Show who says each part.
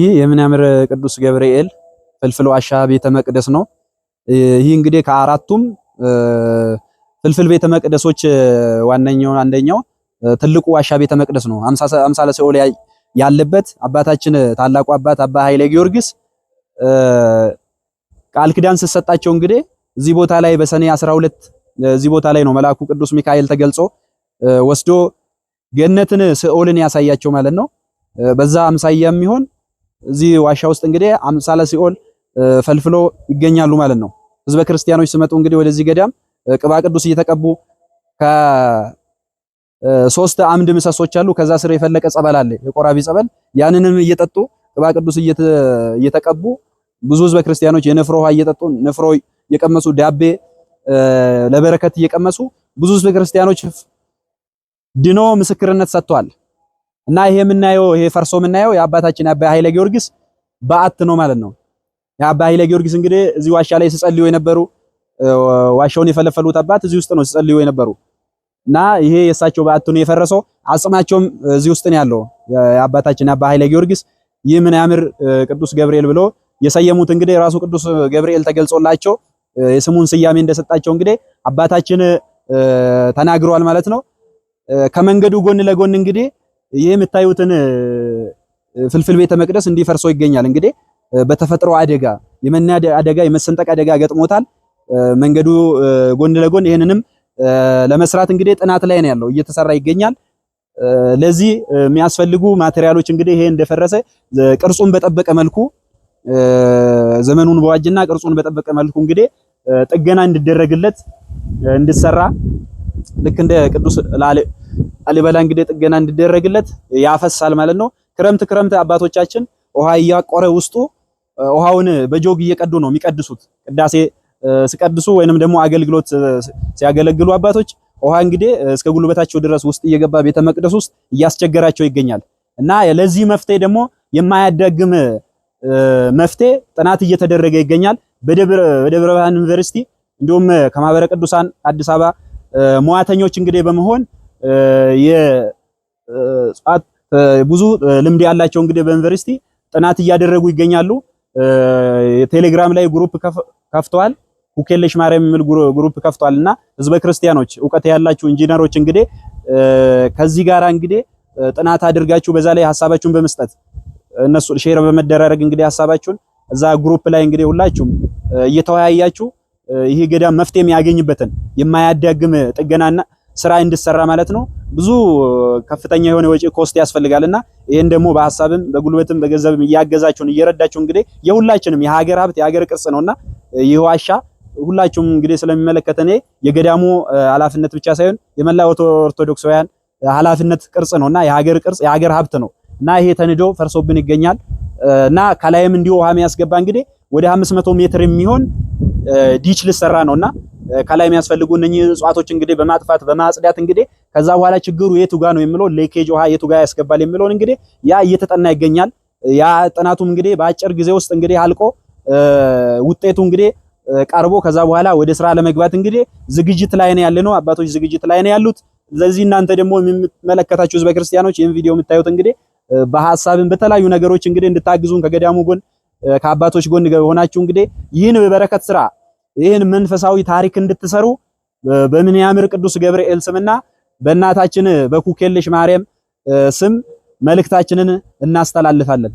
Speaker 1: ይህ የምንያምር ቅዱስ ገብርኤል ፍልፍል ዋሻ ቤተ መቅደስ ነው። ይህ እንግዲህ ከአራቱም ፍልፍል ቤተ መቅደሶች ዋነኛው አንደኛው ትልቁ ዋሻ ቤተ መቅደስ ነው። አምሳለ ሲኦል ያለበት አባታችን ታላቁ አባት አባ ኃይለ ጊዮርጊስ ቃል ኪዳን ስትሰጣቸው እንግዲህ እዚህ ቦታ ላይ በሰኔ 12 እዚህ ቦታ ላይ ነው መልአኩ ቅዱስ ሚካኤል ተገልጾ ወስዶ ገነትን ሲኦልን ያሳያቸው ማለት ነው። በዛ አምሳያ የሚሆን እዚህ ዋሻ ውስጥ እንግዲህ አምሳለ ሲኦል ፈልፍሎ ይገኛሉ ማለት ነው። ህዝበ ክርስቲያኖች ሲመጡ እንግዲህ ወደዚህ ገዳም ቅባ ቅዱስ እየተቀቡ ከሶስት አምድ ምሰሶች አሉ። ከዛ ስር የፈለቀ ጸበል አለ፣ የቆራቢ ጸበል። ያንንም እየጠጡ ቅባ ቅዱስ እየተቀቡ ብዙ ህዝበ ክርስቲያኖች የንፍሮ ውሃ እየጠጡ ንፍሮ እየቀመሱ ዳቤ ለበረከት እየቀመሱ ብዙ ህዝበ ክርስቲያኖች ድኖ ምስክርነት ሰጥቷል። እና ይሄ የምናየው ይሄ ፈርሶ የምናየው የአባታችን አባ ኃይለ ጊዮርጊስ በዓት ነው ማለት ነው። የአባ ኃይለ ጊዮርጊስ እንግዲህ እዚህ ዋሻ ላይ ሲጸልዩ የነበሩ ዋሻውን የፈለፈሉት አባት እዚህ ውስጥ ነው ሲጸልዩ የነበሩ እና ይሄ የእሳቸው በዓት ነው የፈረሰው። አጽማቸውም እዚህ ውስጥ ነው ያለው። የአባታችን አባ ኃይለ ጊዮርጊስ ይህ ምን ያምር ቅዱስ ገብርኤል ብሎ የሰየሙት እንግዲህ ራሱ ቅዱስ ገብርኤል ተገልጾላቸው የስሙን ስያሜ እንደሰጣቸው እንግዲህ አባታችን ተናግረዋል ማለት ነው። ከመንገዱ ጎን ለጎን እንግዲህ ይህ የምታዩትን ፍልፍል ቤተ መቅደስ እንዲፈርሶ ይገኛል። እንግዲህ በተፈጥሮ አደጋ የመና አደጋ የመሰንጠቅ አደጋ ገጥሞታል መንገዱ ጎን ለጎን ይህንንም ለመስራት እንግዲህ ጥናት ላይ ነው ያለው፣ እየተሰራ ይገኛል። ለዚህ የሚያስፈልጉ ማቴሪያሎች እንግዲህ ይሄ እንደፈረሰ ቅርጹን በጠበቀ መልኩ ዘመኑን በዋጅና ቅርጹን በጠበቀ መልኩ እንግዲህ ጥገና እንዲደረግለት እንዲሰራ ልክ እንደ ቅዱስ ላለ ላሊበላ እንግዲህ ጥገና እንዲደረግለት ያፈሳል ማለት ነው። ክረምት ክረምት አባቶቻችን ውሃ እያቆረ ውስጡ ውሃውን በጆግ እየቀዱ ነው የሚቀድሱት። ቅዳሴ ሲቀድሱ ወይንም ደግሞ አገልግሎት ሲያገለግሉ አባቶች ውሃ እንግዲህ እስከ ጉልበታቸው ድረስ ውስጥ እየገባ ቤተ መቅደስ ውስጥ እያስቸገራቸው ይገኛል። እና ለዚህ መፍትሄ ደግሞ የማያዳግም መፍትሄ ጥናት እየተደረገ ይገኛል። በደብረ ብርሃን ዩኒቨርሲቲ እንዲሁም ከማህበረ ቅዱሳን አዲስ አበባ መዋተኞች እንግዲህ በመሆን የጻት ብዙ ልምድ ያላቸው እንግዲህ በዩኒቨርሲቲ ጥናት እያደረጉ ይገኛሉ። ቴሌግራም ላይ ግሩፕ ከፍተዋል። ኩኬለሽ ማርያም የሚል ግሩፕ ከፍተዋል እና ህዝበ ክርስቲያኖች እውቀት ያላችሁ ኢንጂነሮች እንግዲህ ከዚህ ጋር እንግዲህ ጥናት አድርጋችሁ በዛ ላይ ሀሳባችሁን በመስጠት እነሱ ሼር በመደራረግ እንግዲህ ሀሳባችሁን እዛ ግሩፕ ላይ እንግዲህ ሁላችሁም እየተወያያችሁ ይህ ገዳም መፍትሄ የሚያገኝበትን የማያዳግም ጥገናና ስራ እንድሰራ ማለት ነው። ብዙ ከፍተኛ የሆነ ወጪ ኮስት ያስፈልጋልና ይህን ደግሞ በሀሳብም በጉልበትም በገንዘብም እያገዛችሁን እየረዳችሁ እንግዲህ የሁላችንም የሀገር ሀብት የሀገር ቅርጽ ነውና ይህ ዋሻ ሁላችሁም እንግዲህ ስለሚመለከተ እኔ የገዳሙ ኃላፊነት ብቻ ሳይሆን የመላ ኦርቶዶክሳውያን ኃላፊነት ቅርጽ ነውና የሀገር ቅርጽ የሀገር ሀብት ነው እና ይሄ ተንዶ ፈርሶብን ይገኛል እና ከላይም እንዲሁ ውሃ የሚያስገባ እንግዲህ ወደ 500 ሜትር የሚሆን ዲች ልሰራ ነውና ከላይ የሚያስፈልጉ እነኚህ እጽዋቶች እንግዲህ በማጥፋት በማጽዳት እንግዲህ ከዛ በኋላ ችግሩ የቱ ጋ ነው የሚለው ሌኬጅ ውሃ የቱ ጋ ያስገባል የሚለውን እንግዲህ ያ እየተጠና ይገኛል። ያ ጥናቱም እንግዲህ በአጭር ጊዜ ውስጥ እንግዲህ አልቆ ውጤቱ እንግዲህ ቀርቦ ከዛ በኋላ ወደ ስራ ለመግባት እንግዲህ ዝግጅት ላይ ነው ያለነው። አባቶች ዝግጅት ላይ ነው ያሉት። ለዚህ እናንተ ደግሞ የምትመለከታችሁ ህዝበ ክርስቲያኖች ይህን ቪዲዮ የምታዩት እንግዲህ በሀሳብን በተለያዩ ነገሮች እንግዲህ እንድታግዙን ከገዳሙ ጎን ከአባቶች ጎን ሆናችሁ እንግዲህ ይህን በበረከት ስራ ይህን መንፈሳዊ ታሪክ እንድትሰሩ በምንያምር ቅዱስ ገብርኤል ስምና በእናታችን በኩክየለሽ ማርያም ስም መልእክታችንን እናስተላልፋለን።